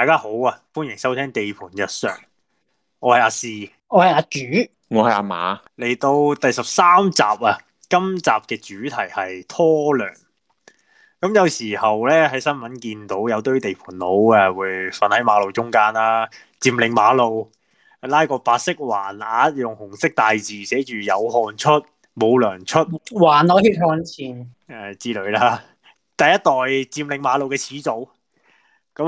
大家好啊！歡迎收聽地盤日常，我係阿仕，我係阿主，我係阿馬。嚟到第十三集啊，今集嘅主題係拖糧。咁有時候咧喺新聞見到有堆地盤佬啊會瞓喺馬路中間啦，佔領馬路，拉個白色橫額，用紅色大字寫住有汗出冇糧出，還我血汗錢誒之類啦。第一代佔領馬路嘅始祖。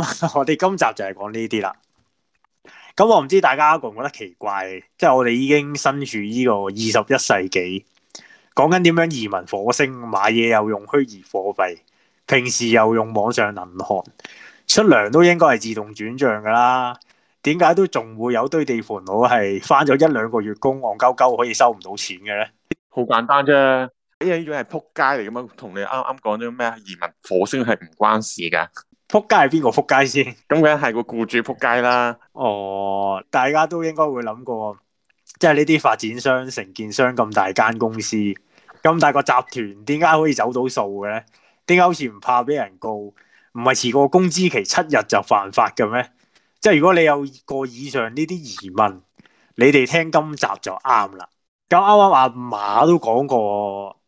咁 我哋今集就係講呢啲啦。咁我唔知大家覺唔覺得奇怪，即係我哋已經身處呢個二十一世紀，講緊點樣移民火星，買嘢又用虛擬貨幣，平時又用網上銀行，出糧都應該係自動轉賬噶啦。點解都仲會有堆地盤佬係翻咗一兩個月工，戇鳩鳩可以收唔到錢嘅咧？好簡單啫，呢種係扑街嚟噶嘛？同你啱啱講咗咩？移民火星係唔關事噶。仆街係邊個仆街先？咁梗係個僱主仆街啦。哦，大家都應該會諗過，即係呢啲發展商、承建商咁大間公司，咁大個集團，點解可以走到數嘅咧？點解好似唔怕俾人告？唔係遲過工資期七日就犯法嘅咩？即係如果你有過以上呢啲疑問，你哋聽今集就啱啦。咁啱啱阿馬都講過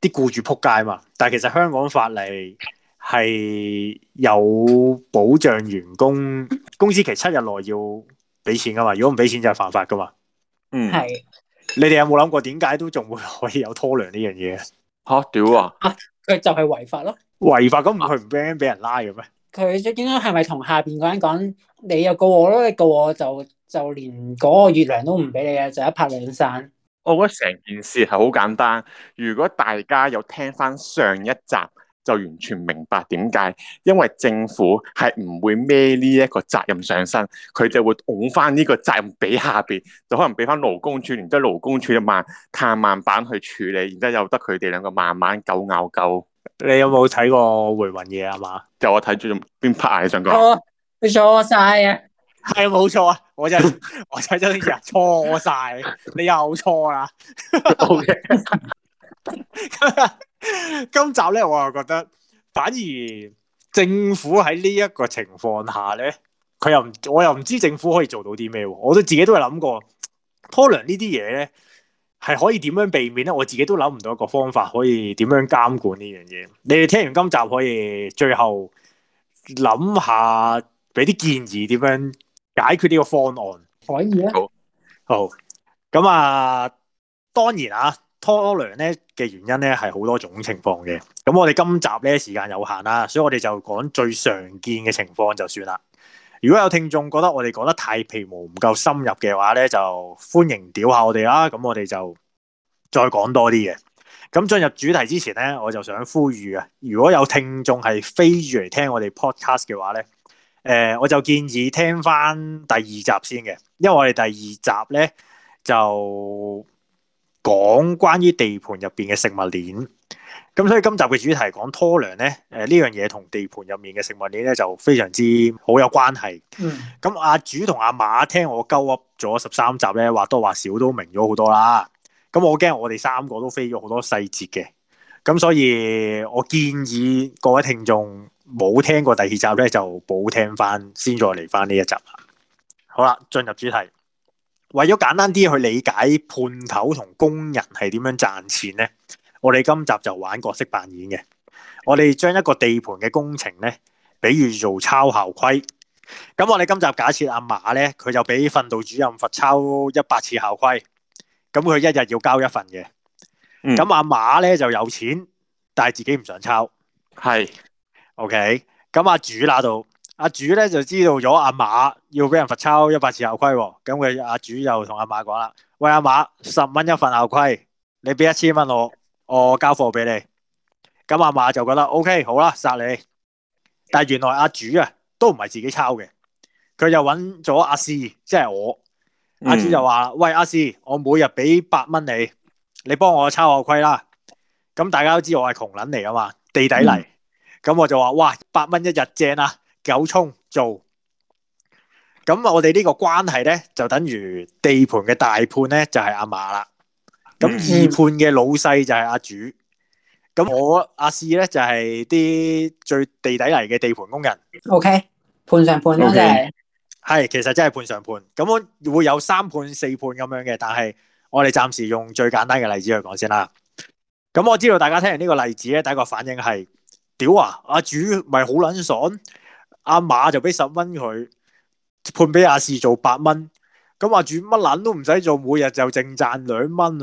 啲僱主仆街嘛，但係其實香港法例。係有保障員工工資期七日內要俾錢噶嘛？如果唔俾錢就係犯法噶嘛？嗯，係你哋有冇諗過點解都仲會可以有拖糧呢樣嘢？吓屌啊！吓、啊、佢就係違法咯，違法咁唔去唔 b 俾人拉嘅咩？佢應該係咪同下邊嗰人講？你又告我咯？你告我就就連嗰個月糧都唔俾你啊、嗯！就一拍兩散。我覺得成件事係好簡單。如果大家有聽翻上一集。就完全明白點解，因為政府係唔會孭呢一個責任上身，佢就會拱翻呢個責任俾下邊，就可能俾翻勞工處，然之後勞工處就慢探慢板去處理，然之後由得佢哋兩個慢慢狗咬狗。你有冇睇過回魂夜啊？嘛，就我睇住邊 part 啊？上、哦、哥，你錯曬啊！係冇錯啊！我真、就是、我睇咗呢啲嘢，錯曬！你又錯啦。Okay. 今集咧，我又覺得反而政府喺呢一個情況下咧，佢又唔，我又唔知政府可以做到啲咩，我都自己都有諗過，拖糧呢啲嘢咧係可以點樣避免咧？我自己都諗唔到一個方法可以點樣監管呢樣嘢。你哋聽完今集可以最後諗下，俾啲建議點樣解決呢個方案可以啊？好，好，好，咁啊，當然啊。拖糧咧嘅原因咧係好多種情況嘅，咁我哋今集咧時間有限啦，所以我哋就講最常見嘅情況就算啦。如果有聽眾覺得我哋講得太皮毛唔夠深入嘅話咧，就歡迎屌下我哋啦。咁我哋就再講多啲嘅。咁進入主題之前咧，我就想呼籲啊，如果有聽眾係飛住嚟聽我哋 Podcast 嘅話咧，誒，我就建議聽翻第二集先嘅，因為我哋第二集咧就，講關於地盤入邊嘅食物鏈，咁所以今集嘅主題講拖糧咧，誒呢樣嘢同地盤入面嘅食物鏈咧就非常之好有關係。咁、嗯、阿、啊、主同阿馬聽我鳩噏咗十三集咧，或多或少都明咗好多啦。咁我驚我哋三個都飛咗好多細節嘅，咁所以我建議各位聽眾冇聽過第二集咧就補聽翻，先再嚟翻呢一集。好啦，進入主題。為咗簡單啲去理解判頭同工人係點樣賺錢咧，我哋今集就玩角色扮演嘅。我哋將一個地盤嘅工程咧，比喻做抄校規。咁我哋今集假設阿馬咧，佢就俾訓導主任罰抄一百次校規。咁佢一日要交一份嘅。咁、嗯、阿馬咧就有錢，但係自己唔想抄。係。OK。咁阿主嗱度。阿主咧就知道咗阿馬要俾人罰抄一百次校規，咁佢阿主又同阿馬講啦：喂阿馬，十蚊一份校規，你俾一千蚊我，我交貨俾你。咁阿馬就覺得 O、OK, K，好啦，殺你。但係原來阿主啊，都唔係自己抄嘅，佢就搵咗阿士，即係我。阿、嗯、主就話：喂阿士，我每日俾八蚊你，你幫我抄校規啦。咁大家都知我係窮捻嚟啊嘛，地底嚟，咁、嗯、我就話：哇，八蚊一日正啊！九沖做，咁我哋呢個關係咧就等於地盤嘅大判咧就係、是、阿馬啦，咁二判嘅老細就係阿主，咁我阿、嗯啊、四咧就係、是、啲最地底泥嘅地盤工人。O K，判上判，O K，係其實真係判上判，咁我會有三判四判咁樣嘅，但係我哋暫時用最簡單嘅例子去講先啦。咁我知道大家聽完呢個例子咧，第一個反應係屌啊，阿主咪好撚爽。阿馬就俾十蚊佢，判俾阿士做八蚊，咁阿主乜捻都唔使做，每日就淨賺兩蚊。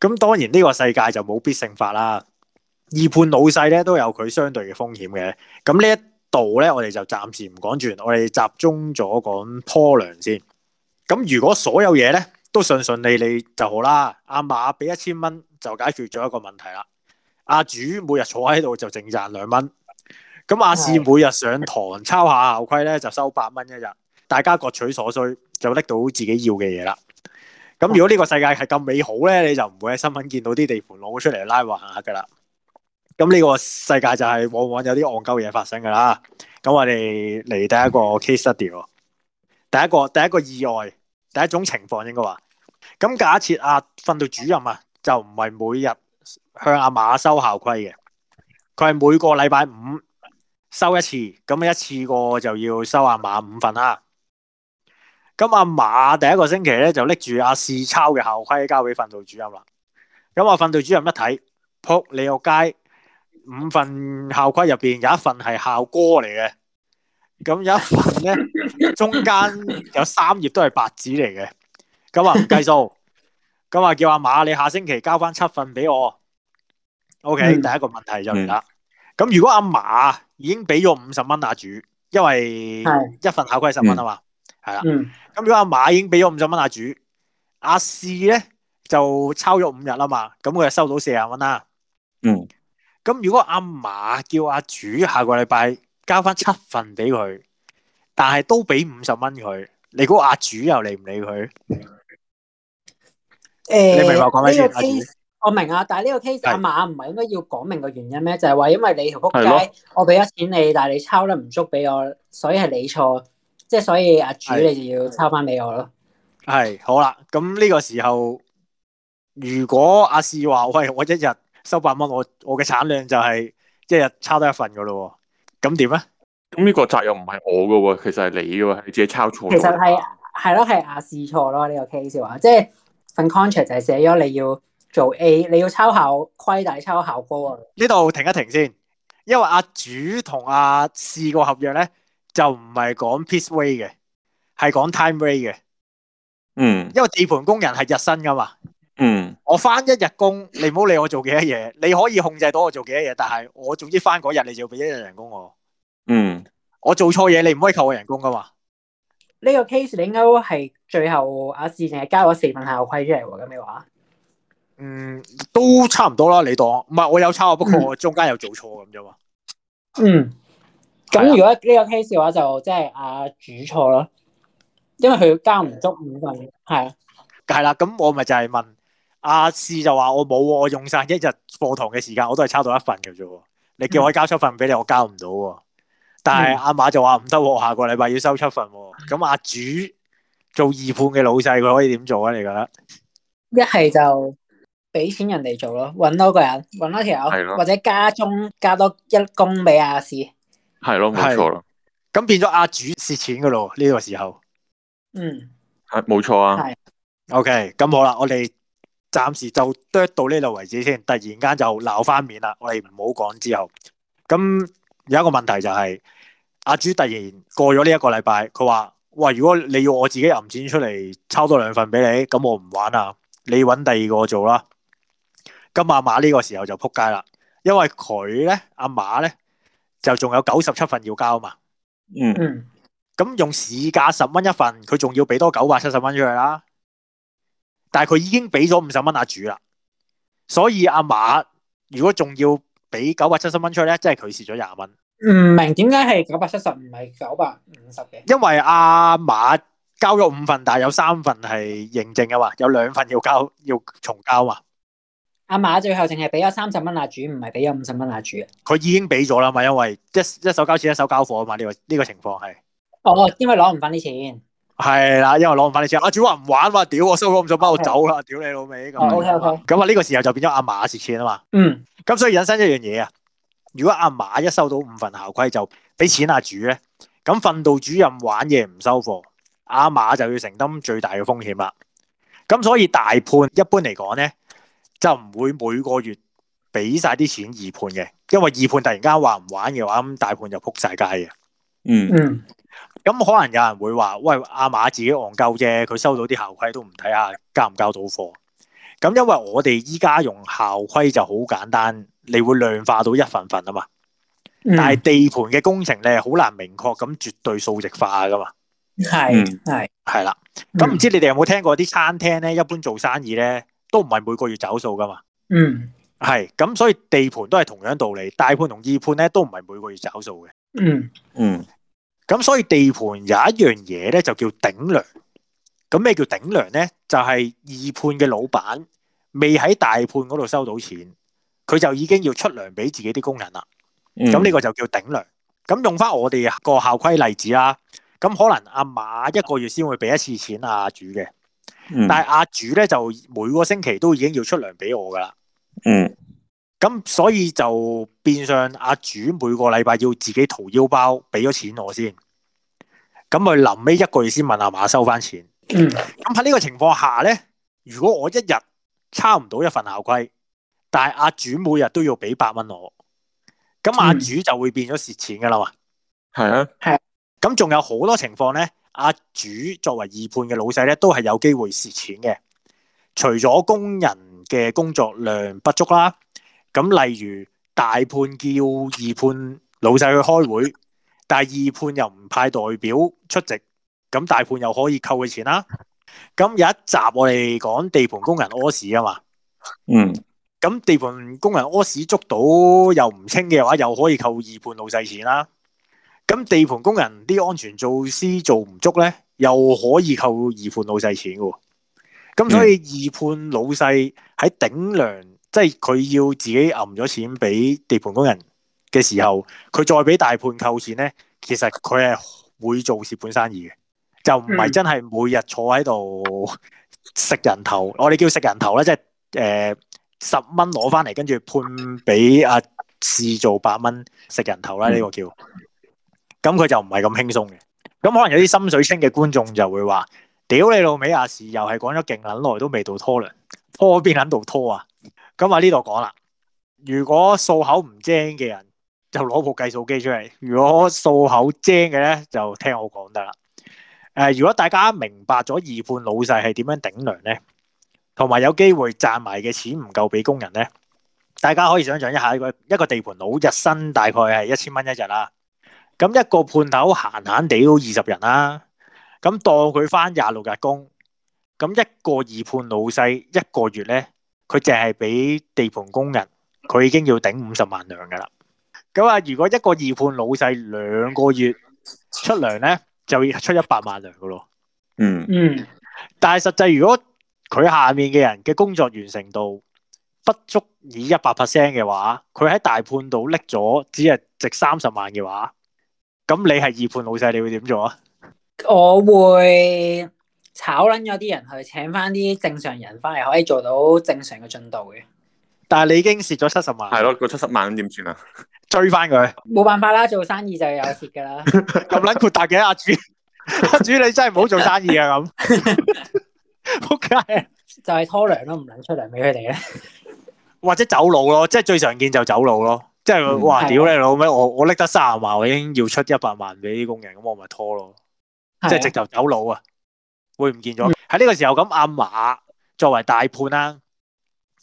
咁當然呢個世界就冇必勝法啦，二判老細咧都有佢相對嘅風險嘅。咁呢一度咧，我哋就暫時唔講住，我哋集中咗講拖糧先。咁如果所有嘢咧都順順利利就好啦。阿馬俾一千蚊就解決咗一個問題啦。阿主每日坐喺度就淨賺兩蚊。咁阿士每日上堂抄下校規咧，就收八蚊一日。大家各取所需，就拎到自己要嘅嘢啦。咁如果呢個世界係咁美好咧，你就唔會喺新聞見到啲地盤攞出嚟拉橫下噶啦。咁呢個世界就係往往有啲戇鳩嘢發生噶啦。咁我哋嚟第一個 case study，第一個第一個意外，第一種情況應該話。咁假設阿、啊、訓導主任啊，就唔係每日向阿馬收校規嘅，佢係每個禮拜五。收一次，咁一次過就要收阿馬五份啦。咁阿馬第一個星期咧就拎住阿試抄嘅校規交俾訓導主任啦。咁啊訓導主任一睇，扑你個街，五份校規入邊有一份係校歌嚟嘅，咁有一份咧 中間有三頁都係白紙嚟嘅。咁啊唔計數，咁啊叫阿馬你下星期交翻七份俾我。嗯、o、okay, K，第一個問題就嚟啦。嗯咁如果阿嫲已經俾咗五十蚊阿主，因為一份考歸十蚊啊嘛，係啦。咁如果阿嫲已經俾咗五十蚊阿主，阿四咧就抄咗五日啦嘛，咁佢就收到四十蚊啦。嗯，嗯。咁如果阿嫲叫阿主下個禮拜交翻七份俾佢，但係都俾五十蚊佢，你估阿主又理唔理佢？誒、欸。你明白我講咩先？阿主。我明啊，但係呢個 case 阿馬唔係應該要講明個原因咩？就係、是、話因為你條扑街，我俾咗錢你，但係你抄得唔足俾我，所以係你錯，即係所以阿、啊、主你就要抄翻俾我咯。係好啦，咁呢個時候如果阿仕話喂，我一日收百蚊，我我嘅產量就係一日抄多一份噶咯，咁點咧？咁呢個責任唔係我噶喎，其實係你噶喎，你自己抄錯。其實係係咯，係阿仕錯咯，呢個 case 話，即、就、係、是、份 contract 就係寫咗你要。做 A，你要抄校規大抄校規啊？呢度停一停先，因為阿主同阿試個合約咧就唔係講 piece way 嘅，係講 time way 嘅。嗯。因為地盤工人係日薪噶嘛。嗯。我翻一日工，你唔好理我做幾多嘢，你可以控制到我做幾多嘢，但係我總之翻嗰日你就要俾一日人工我。嗯。我做錯嘢，你唔可以扣我人工噶嘛？呢個 case 你應該係最後阿試淨係交咗四份校規出嚟喎，咁你話？嗯，都差唔多啦，你當唔係我有抄，不過中間有做錯咁啫嘛。嗯，咁、嗯啊、如果呢個 case 嘅話，就即係阿主錯啦，因為佢交唔足五份，係啊，係啦、啊，咁我咪就係問阿師、啊、就話我冇喎，我用晒一日課堂嘅時間，我都係抄到一份嘅啫。你叫我交七份俾你、嗯，我交唔到喎。但係阿、啊、馬就話唔得，我下個禮拜要收七份。咁阿、啊、主做二判嘅老細，佢可以點做啊？你覺得一係就？俾錢人哋做咯，搵多個人，搵多條友，或者加中加多一公俾阿士，係咯，冇錯咯。咁變咗阿主蝕錢噶咯呢個時候，嗯，係冇錯啊，係 O K。咁、okay, 好啦，我哋暫時就 d 到呢度為止先。突然間就鬧翻面啦，我哋唔好講之後。咁有一個問題就係、是、阿主突然過咗呢一個禮拜，佢話，喂，如果你要我自己揞錢出嚟抄多兩份俾你，咁我唔玩啦，你搵第二個做啦。咁阿馬呢個時候就扑街啦，因為佢咧阿馬咧就仲有九十七份要交啊嘛。嗯，嗯，咁用市價十蚊一份，佢仲要俾多九百七十蚊出去啦。但係佢已經俾咗五十蚊阿主啦，所以阿馬如果仲要俾九百七十蚊出去咧，即係佢蝕咗廿蚊。唔明點解係九百七十唔係九百五十嘅？因為阿馬交咗五份，但係有三份係認證嘅話，有兩份要交要重交啊。阿馬最後淨係俾咗三十蚊阿主，唔係俾咗五十蚊阿主，佢已經俾咗啦嘛，因為一一手交錢一手交貨啊嘛，呢個呢個情況係。哦，因為攞唔返啲錢。係啦，因為攞唔返啲錢，阿主話唔玩嘛、啊，屌我收咗咁多包我走啦，okay. 屌你老味。咁。OK, OK. 咁啊，呢、okay, okay, okay. 個時候就變咗阿馬蝕錢啊嘛。嗯。咁所以引申一樣嘢啊，如果阿馬一收到五份校規就俾錢阿主咧，咁訓導主任玩嘢唔收貨，阿馬就要承擔最大嘅風險啦。咁所以大判一般嚟講咧。就唔會每個月俾晒啲錢二判嘅，因為二判突然間話唔玩嘅話，咁大判就扑晒街嘅。嗯，咁、嗯、可能有人會話：喂，阿馬自己戇鳩啫，佢收到啲校規都唔睇下交唔交到貨。咁因為我哋依家用校規就好簡單，你會量化到一份份啊嘛。但係地盤嘅工程咧，好難明確咁絕對數值化噶嘛。係係係啦。咁、嗯、唔、嗯嗯、知你哋有冇聽過啲餐廳咧？一般做生意咧？都唔係每個月找數噶嘛，嗯，嗯，係，咁所以地盤都係同樣道理，大判同二判咧都唔係每個月找數嘅，嗯嗯，咁所以地盤有一樣嘢咧就叫頂糧，咁咩叫頂糧咧？就係、是、二判嘅老闆未喺大判嗰度收到錢，佢就已經要出糧俾自己啲工人啦，咁呢個就叫頂糧，咁用翻我哋個校規例子啦。咁可能阿馬一個月先會俾一次錢阿主嘅。嗯、但係阿主咧就每個星期都已經要出糧俾我噶啦，嗯，咁所以就變相，阿主每個禮拜要自己掏腰包俾咗錢我先，咁佢臨尾一個月先問阿嫲收翻錢，咁喺呢個情況下咧，如果我一日差唔到一份校規，但係阿主每日都要俾八蚊我，咁阿主就會變咗蝕錢噶啦嘛，係、嗯、啊，係，咁仲有好多情況咧。阿主作為二判嘅老細咧，都係有機會蝕錢嘅。除咗工人嘅工作量不足啦，咁例如大判叫二判老細去開會，但係二判又唔派代表出席，咁大判又可以扣佢錢啦。咁、嗯、有一集我哋講地盤工人屙屎啊嘛，嗯，咁地盤工人屙屎捉到又唔清嘅話，又可以扣二判老細錢啦。咁地盤工人啲安全措施做唔足咧，又可以扣二判老細錢噶。咁所以二判老細喺頂糧，嗯、即係佢要自己揞咗錢俾地盤工人嘅時候，佢再俾大判扣錢咧，其實佢係會做蝕本生意嘅，就唔係真係每日坐喺度食人頭。我哋叫食人頭咧，即係誒十蚊攞翻嚟，跟、呃、住判俾阿試做八蚊食人頭啦，呢、嗯、個叫。咁佢就唔係咁輕鬆嘅，咁可能有啲心水清嘅觀眾就會話：屌你老味呀時，又係講咗勁撚耐都未到拖糧，拖邊喺度拖啊！咁喺呢度講啦，如果數口唔精嘅人就攞部計數機出嚟；如果數口精嘅咧，就聽我講得啦。誒，如果大家明白咗二判老細係點樣頂梁咧，同埋有機會賺埋嘅錢唔夠俾工人咧，大家可以想像一下一個一個地盤佬日薪大概係一千蚊一日啊！咁一個判頭閒閒地都二十人啦、啊，咁當佢翻廿六日工，咁一個二判老細一個月咧，佢淨係俾地盤工人，佢已經要頂五十萬糧噶啦。咁啊，如果一個二判老細兩個月出糧咧，就要出一百萬糧噶咯。嗯嗯，但係實際如果佢下面嘅人嘅工作完成度不足以一百 percent 嘅話，佢喺大判度拎咗只係值三十萬嘅話。咁你係二判老細，你會點做啊？我會炒捻咗啲人去請翻啲正常人翻嚟，可以做到正常嘅進度嘅。但係你已經蝕咗七十萬。係咯，個七十萬咁點算啊？追翻佢。冇辦法啦，做生意就係有蝕噶啦。咁撚豁達嘅阿主，阿主你真係唔好做生意啊！咁，仆街，就係拖糧都唔捻出糧俾佢哋咧。或者走佬咯，即係最常見就走佬咯。即係哇！嗯、屌你老咩！我我拎得卅萬，我已經要出一百萬俾啲工人，咁我咪拖咯。即係直頭走佬啊！會唔見咗？喺、嗯、呢個時候咁，阿馬作為大判啦，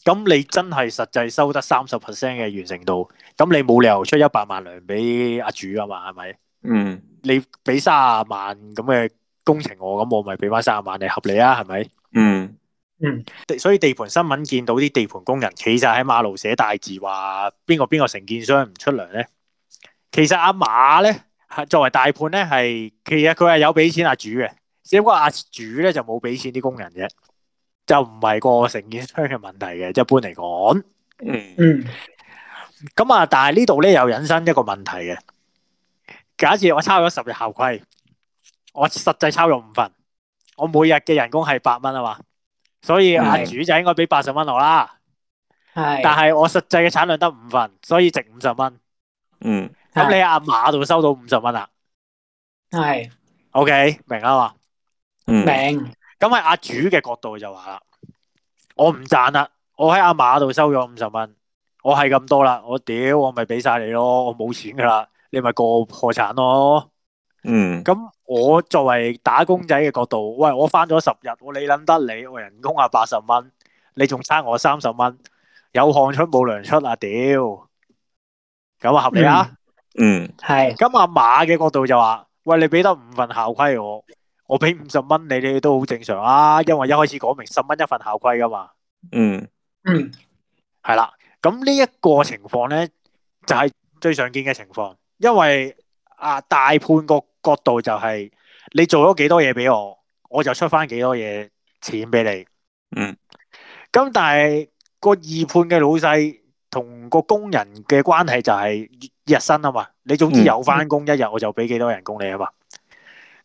咁你真係實際收得三十 percent 嘅完成度，咁你冇理由出一百萬糧俾阿主啊嘛？係咪？嗯。你俾卅萬咁嘅工程我，咁我咪俾翻卅萬你，合理啊？係咪？嗯。嗯，所以地盤新聞見到啲地盤工人企晒喺馬路寫大字，話邊個邊個承建商唔出糧呢？其實阿馬呢，作為大判呢，係其實佢係有俾錢阿主嘅，只不過阿主呢就冇俾錢啲工人嘅，就唔係個承建商嘅問題嘅。一般嚟講，嗯咁啊、嗯，但係呢度呢，又引申一個問題嘅。假設我抄咗十日校規，我實際抄咗五份，我每日嘅人工係八蚊啊嘛。所以阿主就應該俾八十蚊我啦，係、嗯，但係我實際嘅產量得五份，所以值五十蚊。嗯，咁你在阿馬度收到五十蚊啦，係、嗯。OK，明啊嘛。明、嗯。咁、嗯、喺、嗯、阿主嘅角度就話啦，我唔賺啦，我喺阿馬度收咗五十蚊，我係咁多啦，我屌我咪俾晒你咯，我冇錢噶啦，你咪個破產咯。嗯，咁我作為打工仔嘅角度，喂，我翻咗十日，我你諗得你我人工啊八十蚊，你仲差我三十蚊，有汗出冇糧出啊屌，咁合理啊？嗯，係、嗯。咁阿馬嘅角度就話，喂，你俾得五份校規我，我俾五十蚊你，你都好正常啊，因為一開始講明十蚊一份校規噶嘛。嗯，嗯，係啦。咁呢一個情況咧，就係、是、最常見嘅情況，因為啊大判局。角度就係你做咗幾多嘢俾我，我就出翻幾多嘢、錢俾你。嗯，咁但係個二判嘅老細同個工人嘅關係就係日薪啊嘛。你總之有翻工一日，我就俾幾多人工你啊嘛。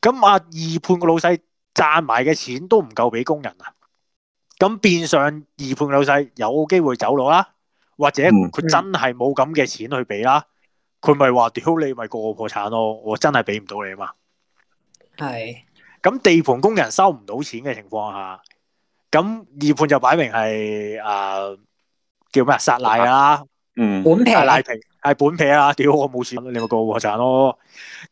咁阿二判個老細賺埋嘅錢都唔夠俾工人啊。咁變相二判嘅老細有機會走佬啦，或者佢真係冇咁嘅錢去俾啦。嗯、嗯。佢咪話屌，你咪個個破產咯！我真係俾唔到你啊嘛。係咁地盤工人收唔到錢嘅情況下，咁二判就擺明係誒、呃、叫咩撒賴啦。嗯、啊，本皮賴皮係本皮啊，屌、啊、我冇錢，你咪個個破產咯。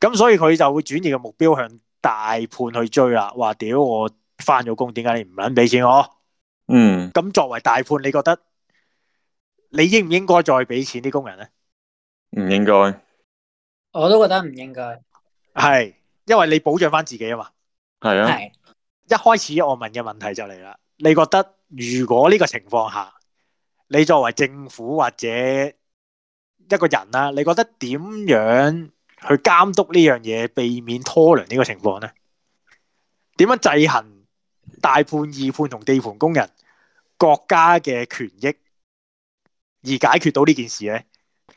咁 所以佢就會轉移嘅目標向大判去追啦。話屌，我翻咗工，點解你唔肯俾錢我？嗯，咁作為大判，你覺得你應唔應該再俾錢啲工人咧？唔應該，我都覺得唔應該。係，因為你保障翻自己啊嘛。係啊。係，一開始我問嘅問題就嚟啦。你覺得如果呢個情況下，你作為政府或者一個人啊，你覺得點樣去監督呢樣嘢，避免拖糧呢個情況呢？點樣制衡大判、二判同地盤工人國家嘅權益，而解決到呢件事呢？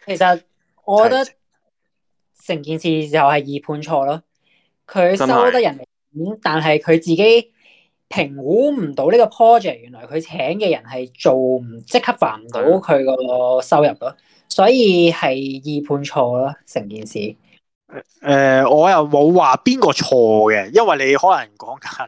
其實。我覺得成件事就係二判錯咯，佢收得人哋錢，但係佢自己評估唔到呢個 project，原來佢請嘅人係做唔即刻還唔到佢個收入咯，所以係二判錯咯成件事。誒、呃，我又冇話邊個錯嘅，因為你可能講緊，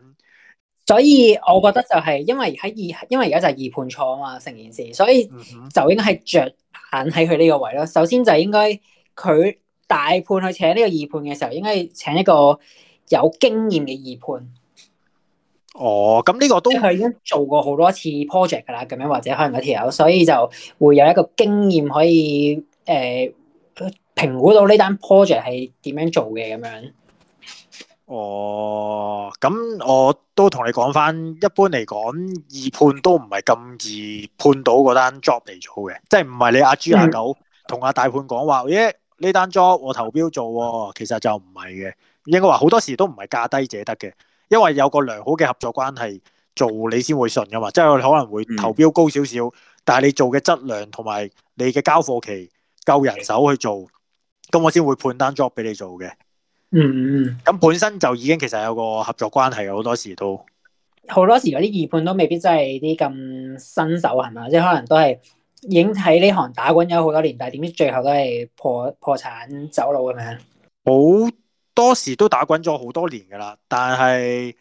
所以我覺得就係因為喺二，因為而家就係二判錯啊嘛成件事，所以就應該係着。揾喺佢呢個位咯。首先就係應該佢大判去請呢個二判嘅時候，應該請一個有經驗嘅二判。哦，咁呢個都係已經做過好多次 project 噶啦，咁樣或者可能嗰條友，所以就會有一個經驗可以誒、呃、評估到呢單 project 係點樣做嘅咁樣。哦，咁我都同你講翻，一般嚟講，易判都唔係咁易判到嗰單 job 嚟做嘅，即係唔係你阿豬、阿狗同阿大判講話，咦、嗯、呢、欸、單 job 我投標做，哦，其實就唔係嘅。應該話好多時都唔係價低者得嘅，因為有個良好嘅合作關係做，你先會信噶嘛。即係可能會投標高少少，但係你做嘅質量同埋你嘅交貨期、夠人手去做，咁我先會判單 job 俾你做嘅。嗯，咁本身就已經其實有個合作關係，好多時都好多時嗰啲二判都未必真係啲咁新手，係嘛？即係可能都係已經喺呢行打滾咗好多年，但係點知最後都係破破產走佬咁樣。好多時都打滾咗好多年噶啦，但係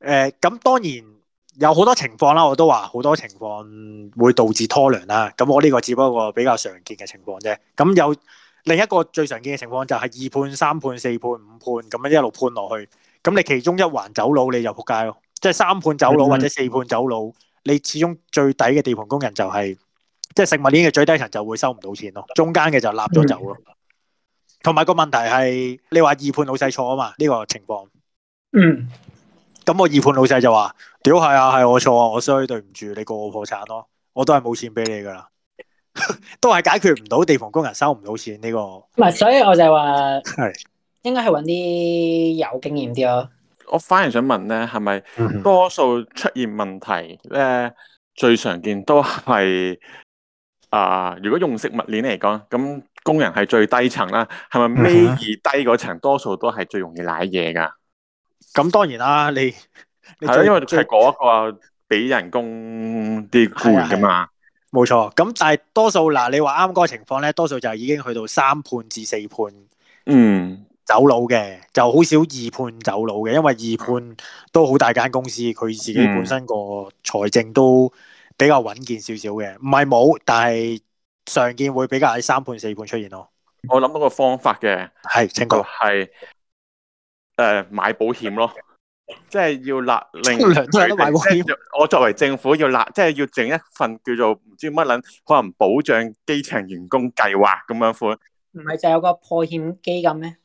誒咁，當然有好多情況啦。我都話好多情況會導致拖糧啦。咁我呢個只不過比較常見嘅情況啫。咁有。另一個最常見嘅情況就係二判三判四判五判咁樣一路判落去，咁你其中一環走佬你就仆街咯，即、就、係、是、三判走佬或者四判走佬，嗯，你始終最底嘅地盤工人就係即係食物鏈嘅最低層就會收唔到錢咯，中間嘅就立咗走咯。同、嗯、埋個問題係你話二判老細錯啊嘛？呢、這個情況，嗯，咁我二判老細就話：屌係啊，係我錯啊，我衰對唔住你個個破產咯，我都係冇錢俾你噶啦。 都係解決唔到，地盤工人收唔到錢呢、這個。唔係，所以我就話係應該係搵啲有經驗啲咯。我反而想問咧，係咪多數出現問題咧、嗯、最常見都係啊、呃？如果用食物鏈嚟講，咁工人係最低層啦，係咪尾二低嗰層、嗯、多數都係最容易賴嘢噶？咁、嗯、當然啦，你係因為係嗰、那個俾人工啲攰噶嘛。嗯冇錯，咁但係多數嗱，你話啱嗰個情況咧，多數就係已經去到三判至四判，嗯，走佬嘅，就好少二判走佬嘅，因為二判都好大間公司，佢、嗯、自己本身個財政都比較穩健少少嘅，唔係冇，但係常見會比較喺三判四判出現咯。我諗到個方法嘅，係，請講、就是，係、呃、誒買保險咯。即、就、係、是、要立令，我作為政府要立，即係要整一份叫做唔知乜捻，可能保障基層員工計劃咁樣款。唔係就有個破險基金咩？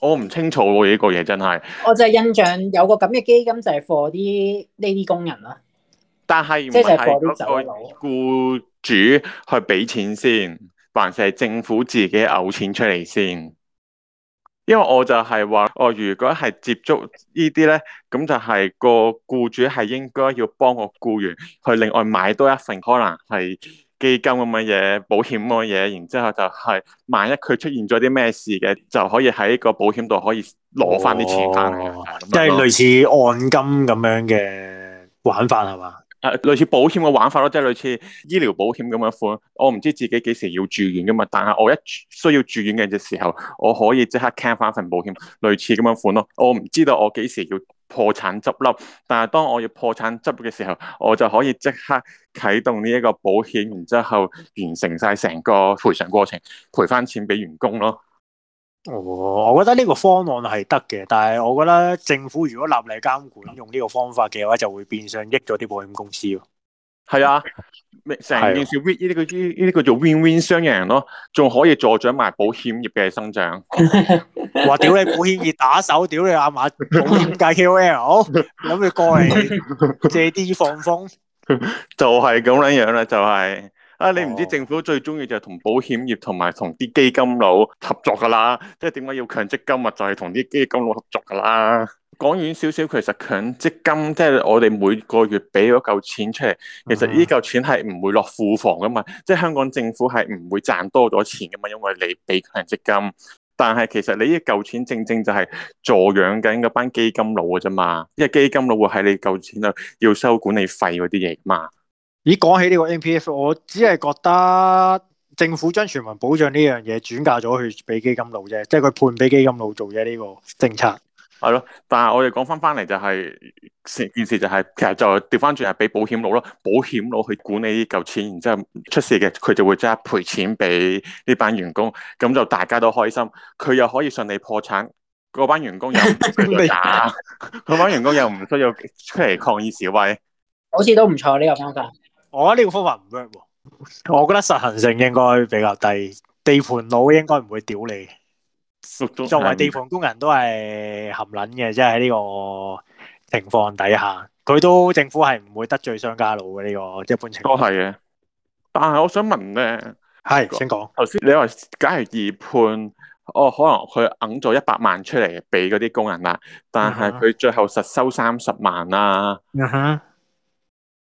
我唔清楚呢、啊，這個嘢真係。我就係印象有個咁嘅基金就係貨啲呢啲工人啦、啊。但係即係貨啲就佬？僱主去俾錢先，還是係政府自己嘔錢出嚟先？因為我就係話，哦，如果係接觸呢啲咧，咁就係個僱主係應該要幫個僱員去另外買多一份，可能係基金咁嘅嘢，保險咁嘅嘢，然之後就係萬一佢出現咗啲咩事嘅，就可以喺個保險度可以攞翻啲錢翻嚟，哦、即係類似按金咁樣嘅玩法係嘛？是吧誒，類似保險嘅玩法咯，即係類似醫療保險咁樣款。我唔知自己幾時要住院噶嘛，但係我一需要住院嘅時候，我可以即刻 cancel 翻份保險，類似咁樣款咯。我唔知道我幾時要破產執笠，但係當我要破產執嘅時候，我就可以即刻啟動呢一個保險，然之後完成晒成個賠償過程，賠翻錢俾員工咯。哦，我覺得呢個方案係得嘅，但係我覺得政府如果立例監管用呢個方法嘅話，就會變相益咗啲保險公司咯。係啊，成件事的、這個這個、叫 win 呢啲佢呢啲叫做 win-win 商贏咯，仲可以助長埋保險業嘅生長。話屌 你保險業打手，屌你阿、啊、媽保險界 KOL，諗住過嚟借啲放風，就係、是、咁樣樣啦，就係、是。啊！你唔知政府最中意就係同保險業同埋同啲基金佬合作噶啦，即係點解要強積金啊？就係同啲基金佬合作噶啦。講遠少少，其實強積金即係、就是、我哋每個月俾咗嚿錢出嚟，其實呢嚿錢係唔會落庫房噶嘛，即、嗯、係、就是、香港政府係唔會賺多咗錢噶嘛，因為你俾強積金。但係其實你呢嚿錢正正就係助養緊嗰班基金佬嘅啫嘛，因為基金佬會喺你嚿錢度要收管理費嗰啲嘢嘛。咦，講起呢個 MPF，我只係覺得政府將全民保障呢樣嘢轉嫁咗去俾基金佬啫，即係佢判俾基金佬做啫。呢個政策係咯，但係我哋講翻翻嚟就係、是、成件事就係、是、其實就調翻轉係俾保險佬咯，保險佬去管理呢嚿錢，然之後出事嘅佢就會即係賠錢俾呢班員工，咁就大家都開心，佢又可以順利破產，嗰班員工又唔需要打，班 員工又唔需要出嚟抗議示威，好似都唔錯呢、呢個方法。我覺得呢個方法唔 work 喎，我覺得實行性應該比較低。地盤佬應該唔會屌你，作為地盤工人都係含撚嘅，即係喺呢個情況底下，佢都政府係唔會得罪商家佬嘅呢個一般情況。都係嘅，但係我想問咧，係先講頭先，你話假如二判，哦，可能佢揞咗一百萬出嚟俾嗰啲工人啦，但係佢最後實收三十萬啊？嗯、uh-huh. uh-huh.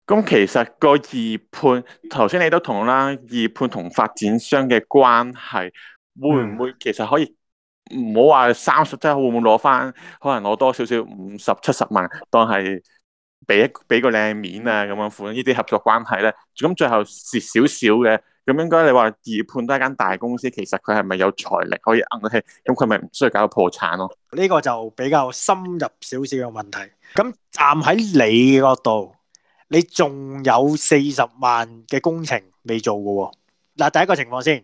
咁其實個二判頭先你都同啦，二判同發展商嘅關係會唔會其實可以唔好話三十，即係會唔會攞翻可能攞多少少五十七十萬當係俾俾個靚面啊咁樣款呢啲合作關係咧？咁最後蝕少少嘅，咁應該你話二判都係間大公司，其實佢係咪有財力可以硬氣？咁佢咪唔需要搞到破產咯？呢、呢個就比較深入少少嘅問題。咁站喺你嗰度。你仲有四十萬嘅工程未做嘅。嗱，第一個情況先，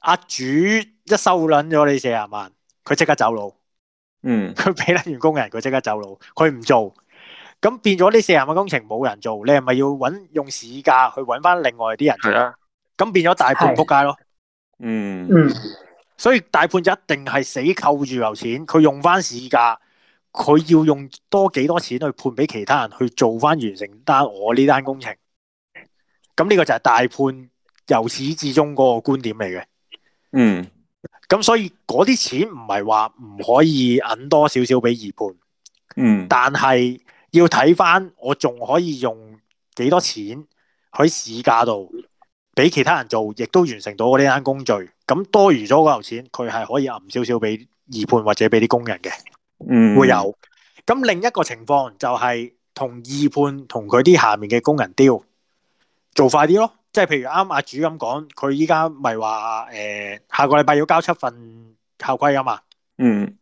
阿主一收捻咗你四十萬，佢即刻走佬。嗯，佢俾得員工人，佢即刻走佬，佢唔做，咁變咗呢四十萬工程冇人做，你係咪要搵用市價去搵翻另外啲人做？係啊，咁變咗大判扑街咯。嗯嗯，所以大判就一定係死扣住樓錢，佢用翻市價，佢要用多幾多錢去判俾其他人去做翻完成單我呢單工程，咁呢個就係大判由始至終嗰個觀點嚟嘅。嗯，咁所以嗰啲錢唔係話唔可以揞多少少俾二判。嗯，但係要睇翻我仲可以用幾多錢喺市價度俾其他人做，亦都完成到我呢單工序。咁多餘咗嗰嚿錢，佢係可以揞少少俾二判或者俾啲工人嘅。嗯，會有。咁另一個情況就係同二判同佢啲下面嘅工人丟做快啲咯，即係譬如啱阿主咁講，佢依家咪話誒下個禮拜要交七份校規啊嘛。嗯。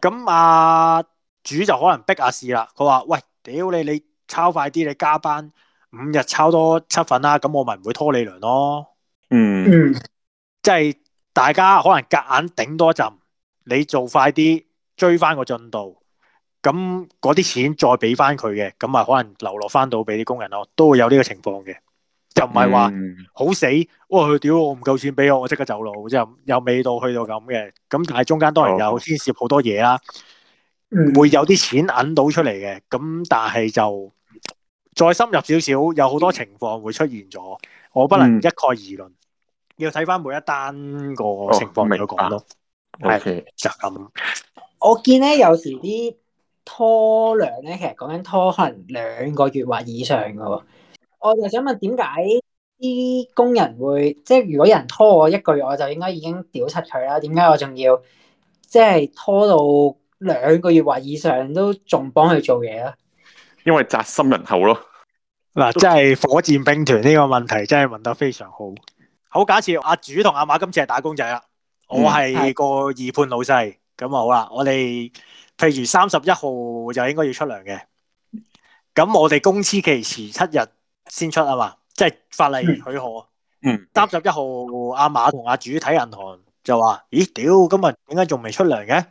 咁阿、啊、主就可能逼阿士啦，佢話喂，屌你你，你抄快啲，你加班五日抄多七份啦，咁我咪唔會拖你糧咯。嗯。即、嗯、係、就是、大家可能夾硬頂多陣，你做快啲。追翻個進度，咁嗰啲錢再俾翻佢嘅，咁咪可能流落翻到俾啲工人咯，都會有呢個情況嘅，就唔係話好死，哇、嗯、佢、哦、屌我唔夠錢俾我，我即刻走路，即係有尾到去到咁嘅，咁但係中間當然有牽涉好多嘢啦、哦，會有啲錢揾到出嚟嘅，咁、嗯、但係就再深入少少，有好多情況會出現咗，我不能一概而論，嗯、要睇翻每一單個情況嚟到、哦、講咯，係、嗯 okay. 就咁。我見咧有時啲拖糧咧，其實講緊拖可能兩個月或以上噶。我就想問，點解啲工人會即係如果有人拖我一個月，我就應該已經屌柒佢啦？點解我仲要即係拖到兩個月或以上都仲幫佢做嘢呀？因為扎心人口咯。嗱，即係火箭兵團呢個問題真係問得非常好。好，假設阿主同阿馬今次係打工仔啦，我係個二判老細。嗯咁好啦，我哋譬如三十一號就應該要出糧嘅。咁我哋公司期遲七日先出啊嘛，即係、就是、法例許可。嗯。三十一號阿馬同阿主睇銀行就話，咦，屌，今日點解仲未出糧嘅？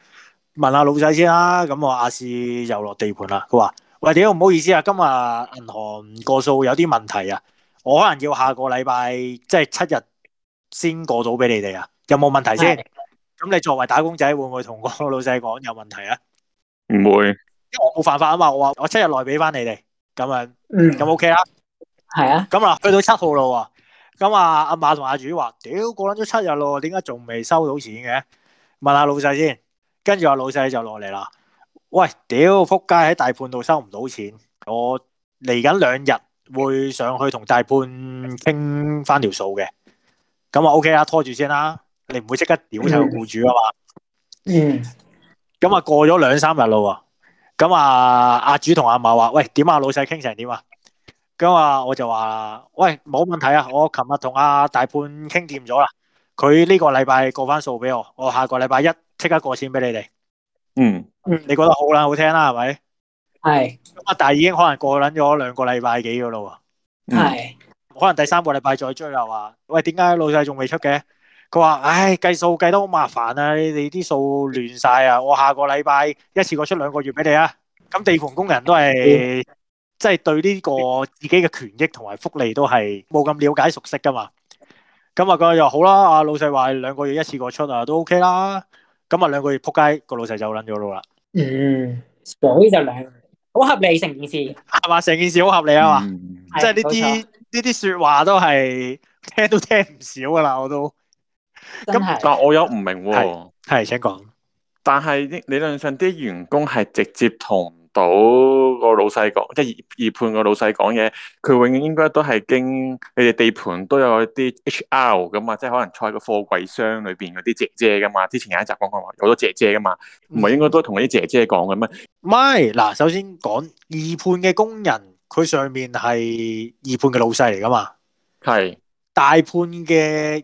問下老細先啦。咁我阿仕又落地盤啦。佢話，喂，屌，唔好意思啊，今日銀行過數有啲問題啊，我可能要下個禮拜即係七日先過到俾你哋啊。有冇問題先，啊？咁你作為打工仔會唔會同個老細講有問題啊？唔會，因為我冇辦法啊嘛。我話我七日內俾翻你哋，咁樣咁 OK 啦。係啊，咁嗱，去到七號啦喎。咁啊，阿馬同阿主話：屌過撚咗七日咯，點解仲未收到錢嘅？問下老細先。跟住阿老細就落嚟啦。喂，屌，仆街喺大判度收唔到錢，我嚟緊兩日會上去同大判傾翻條數嘅。咁啊，OK 啦，拖住先啦。你唔會即刻屌晒個雇主啊嘛、mm. mm. 嗯？嗯。咁啊，過咗兩三日咯喎。咁啊，阿主同阿嫲話：，喂，點啊，老細傾成點啊？咁、嗯、啊，我就話：，喂，冇問題啊！我琴日同阿大判傾掂咗啦。佢呢個禮拜過翻數俾我，我下個禮拜一即刻過錢俾你哋。嗯、mm.。你覺得好捻好聽啦，係咪？係。咁啊，但係已經可能過捻咗兩個禮拜幾嘅啦喎。係、mm.。可能第三個禮拜再追啦話：，喂，點解老細仲未出嘅？佢話：，唉，計數計得好麻煩啊！你你啲數亂晒啊！我下個禮拜一次過出兩個月俾你啊！咁地盤工人都係，即、嗯、係對呢個自己嘅權益同埋福利都係冇咁了解熟悉噶嘛？咁啊，佢又好啦，阿老細話兩個月一次過出啊，都 OK 啦。咁啊，兩個月扑街，個老細就撚咗路啦。嗯，所以就兩，好合理成件事。係嘛，成件事好合理啊嘛。即係呢啲呢啲說話都係聽都聽唔少噶啦，我都。咁，但我有唔明喎，係，請講。但係理論上啲員工係直接同到個老細講，即係二二判個老細講嘢，佢永遠應該都係經你哋地盤都有啲 HR 噶嘛，即係可能坐喺個貨櫃箱裏邊嗰啲姐姐噶嘛，之前有一集講過話好多姐姐噶嘛，唔係應該都同啲姐姐講嘅咩？咪，嗱，首先講二判嘅工人，佢上面係二判嘅老細嚟噶嘛？係大判嘅。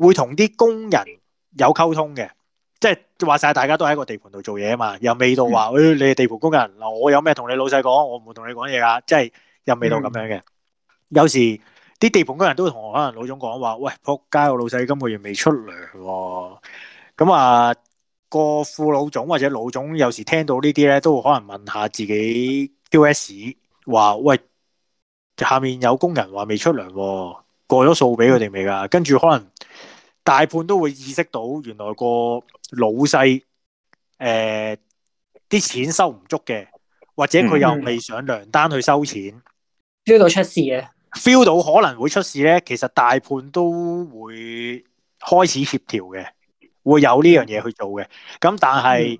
會同啲工人有溝通嘅，即係話晒大家都喺個地盤度做嘢啊嘛，又未到話，誒、嗯哎、你地盤工人嗱，我有咩同你老細講，我唔會同你講嘢㗎，即係又未到咁樣嘅。嗯、有時啲地盤工人都會同我可能老總講話，喂，仆街，我老細今個月未出糧喎、哦。咁啊，個副老總或者老總有時聽到呢啲咧，都會可能問下自己 Q.S 話喂，下面有工人話未出糧喎、哦，過咗數俾佢哋未㗎？跟住可能。大判都會意識到原來個老細誒，啲錢收唔足嘅，或者佢又未上量單去收錢，feel、嗯、到出事嘅 feel 到可能會出事咧，其實大判都會開始協調嘅，會有呢樣嘢去做嘅。咁但係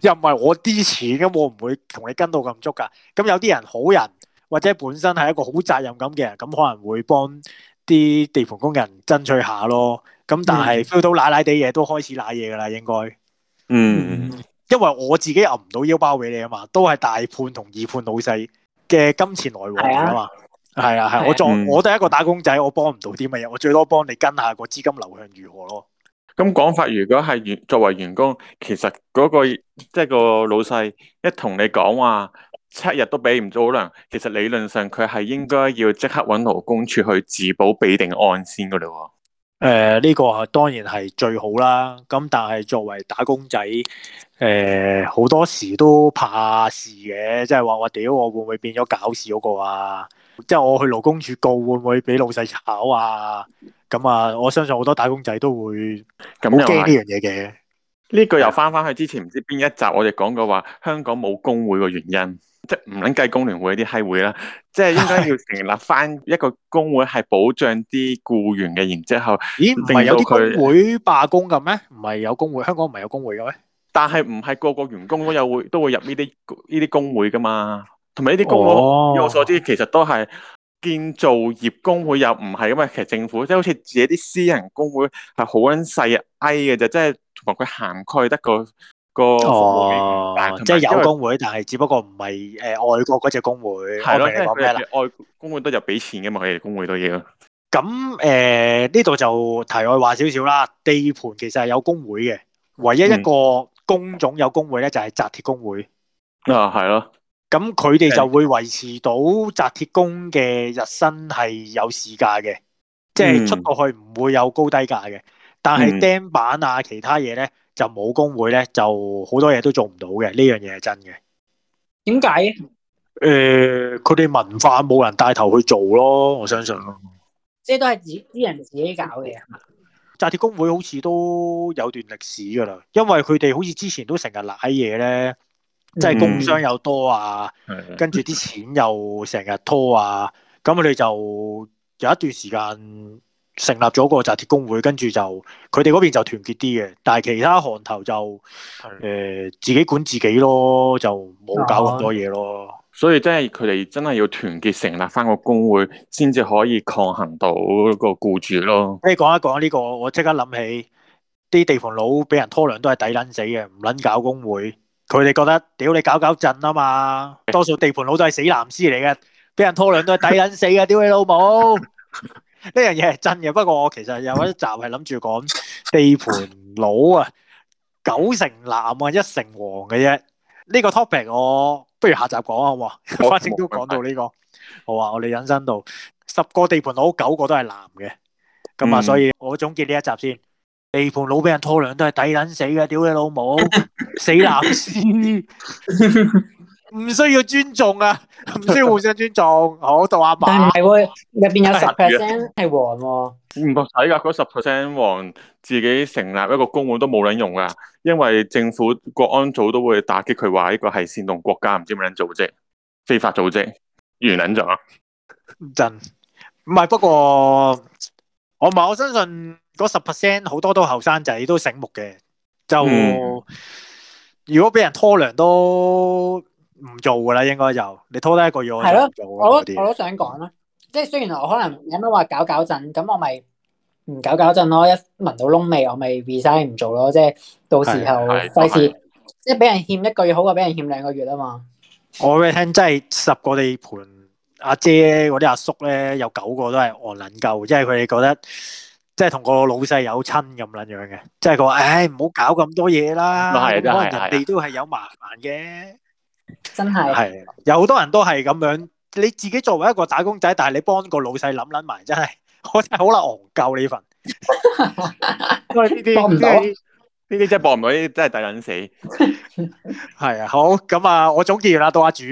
又唔係我啲錢咁，我唔會同你跟到咁足噶。咁有啲人好人或者本身係一個好責任感嘅人，咁可能會幫啲地盤工人爭取下咯。咁、嗯、但係 feel 到奶奶哋嘢，都開始瀨嘢噶啦，應該嗯，因為我自己又唔到腰包俾你啊嘛，都係大判同二判老細嘅金錢來往啊嘛，係啊係、啊啊嗯，我再我都一個打工仔，我幫唔到啲乜嘢，我最多幫你跟下個資金流向如何咯。咁講法，如果係員作為員工，其實嗰、那個即係、就是、個老細一同你講話七日都俾唔到糧，其實理論上佢係應該要即刻揾勞工處去自保備定案先噶喎。誒、呃、呢、這個當然係最好啦。咁但係作為打工仔，誒、呃，好多時都怕事嘅，即係話，我屌我會唔會變咗搞事嗰個啊？即係我去勞工處告，會唔會俾老細炒啊？咁啊，我相信好多打工仔都會好驚呢樣嘢嘅。呢句又翻翻去之前唔知邊一集我講，我哋講過話，香港冇工會嘅原因。即係唔撚計工聯會啲閪會啦，即係應該要成立翻一個工會，係保障啲僱員嘅。然之後，咦，唔係有啲工會罷工嘅咩？唔係有工會，香港唔係有工會嘅咩？但係唔係個個員工都有會，都會入呢啲呢啲工會噶嘛？同埋呢啲工會，據我所知，其實都係建造業工會，又唔係咁啊。其實政府即係好似自己啲私人工會係好撚細、矮嘅啫，即係同埋佢涵蓋得個。哦，即係有工會，但係只不過唔係誒外國嗰隻工會。係咯，即係外公會工會都、呃、就俾錢嘅嘛，佢哋工會都嘢。咁誒呢度就題外話少少啦。地盤其實係有工會嘅，唯一一個工種有工會咧就係紮鐵工會。啊、嗯，係咯。咁佢哋就會維持到紮鐵工嘅日薪係有市價嘅，即、嗯、係、就是、出過去唔會有高低價嘅。但係釘板啊，其他嘢咧。就冇工會咧，就好多嘢都做唔到嘅，呢樣嘢係真嘅。點解嘅？欸、佢哋文化冇人帶頭去做咯，我相信咯。即係都係自啲人自己搞嘅。紮鐵工會好似都有段歷史㗎啦，因為佢哋好似之前都成日瀨嘢咧，即、嗯、係、就是、工傷又多啊， 跟住啲錢又成日拖啊，咁佢哋就有一段時間。成立咗個紮鐵工會，跟住就佢哋嗰邊就團結啲嘅，但係其他行頭就誒、呃、自己管自己咯，就冇搞咁多嘢咯。所以他真係佢哋真係要團結，成立翻個工會，先至可以抗衡到個僱主咯。你講一講呢、這個，我即刻諗起啲地盤佬俾人拖糧都係抵捻死嘅，唔捻搞工會，佢哋覺得屌你搞搞震啊嘛，多數地盤佬都係死藍絲嚟嘅，俾人拖糧都係抵捻死嘅，屌 你老母！呢樣嘢係真嘅，不過我其實有一集係諗住講地盤佬啊，九成男啊，一成黃嘅啫。呢個 topic 我不如下集講好唔好？反正都講到呢個。好啊，我哋引申到十個地盤佬九個都係男嘅，咁啊，所以我總結呢一集先，地盤佬俾人拖糧都係抵捻死嘅，屌你老母，死男先。唔需要尊重啊，唔需要互相尊重。 好就阿爸，但係入邊有十 percent 係黃喎，啊，唔使噶嗰十 percent 黃自己成立一個公會都冇卵用噶，因為政府國安組都會打擊佢話呢個係煽動國家，唔知點樣組織非法組織，完捻咗。唔盡唔係，不過我唔係我相信嗰十 percent 好多都後生仔都醒目嘅，就、嗯、如果俾人拖糧都。唔做噶啦，應該就你拖多一個月我係咯，我都我都想講啦。即係雖然我可能有乜話搞搞震，咁我咪唔搞搞震咯。一聞到窿味，我咪 resign 唔做咯。即係到時候費事，即係俾人欠一個月好過俾人欠兩個月啊嘛。我未聽，即係十個地盤阿姐嗰啲阿叔咧，有九個都係安能救，即係佢哋覺得即係同個老細有親咁撚樣嘅。即係佢話，唉，唔好搞咁多嘢啦，可能，人哋都係有麻煩嘅。真係係，有好多人都係咁樣。你自己作為一個打工仔，但係你幫個老細諗諗埋，真係我真係好難戇教你份。因為呢啲呢啲真係搏唔到，呢啲真係抵捻死。係啊，好咁啊，我總結完啦，到阿主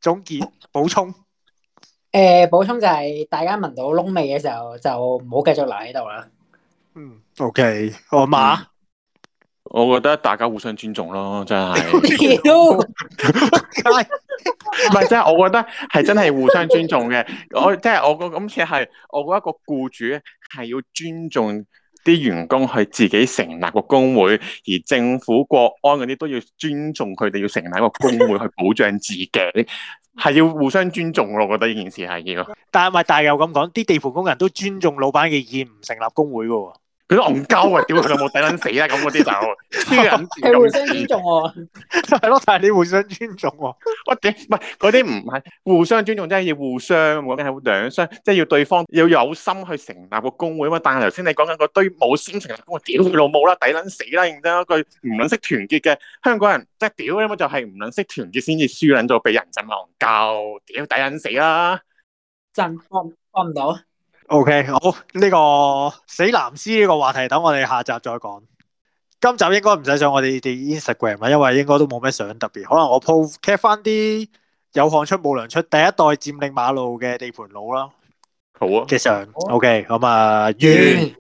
總結補充。誒，補充就係大家聞到窿味嘅時候，就唔好繼續留喺度啦。嗯，OK，我阿媽。我覺得大家互相尊重咯，真係唔係真係我覺得係真係互相尊重嘅。我即係我個咁似係，我覺得一個僱主係要尊重啲員工去自己成立個工會，而政府國安嗰啲都要尊重佢哋要成立一個工會去保障自己，係 要互相尊重咯。我覺得呢件事係要，但係唔係但又咁講，啲地盤工人都尊重老闆嘅意見，唔成立工會噶。佢都戇鳩啊！屌佢老母，抵捻死啦！咁嗰啲就，互相尊重喎，係咯？但係你互相尊重喎，我屌，唔係嗰啲唔係互相尊重，真係要互相，咁樣係兩相，即係要對方要有心去成立個工會。啊嘛。但係頭先你講緊嗰堆冇心成立工會，屌佢老母啦，抵捻死啦！認真一句，唔捻識團結嘅香港人，即係屌，咁啊就係唔捻識團結，先至輸捻咗俾人哋戇鳩，屌，抵捻死啦！真幫幫唔到。OK，好呢個死男屍呢個話題，等我哋下集再講。今集應該唔使上我哋啲 Instagram 啦，因為應該都冇咩相特別。可能我 po 貼翻啲有汗出冇糧出，第一代佔領馬路嘅地盤佬啦。好啊，嘅相。OK，咁啊，完。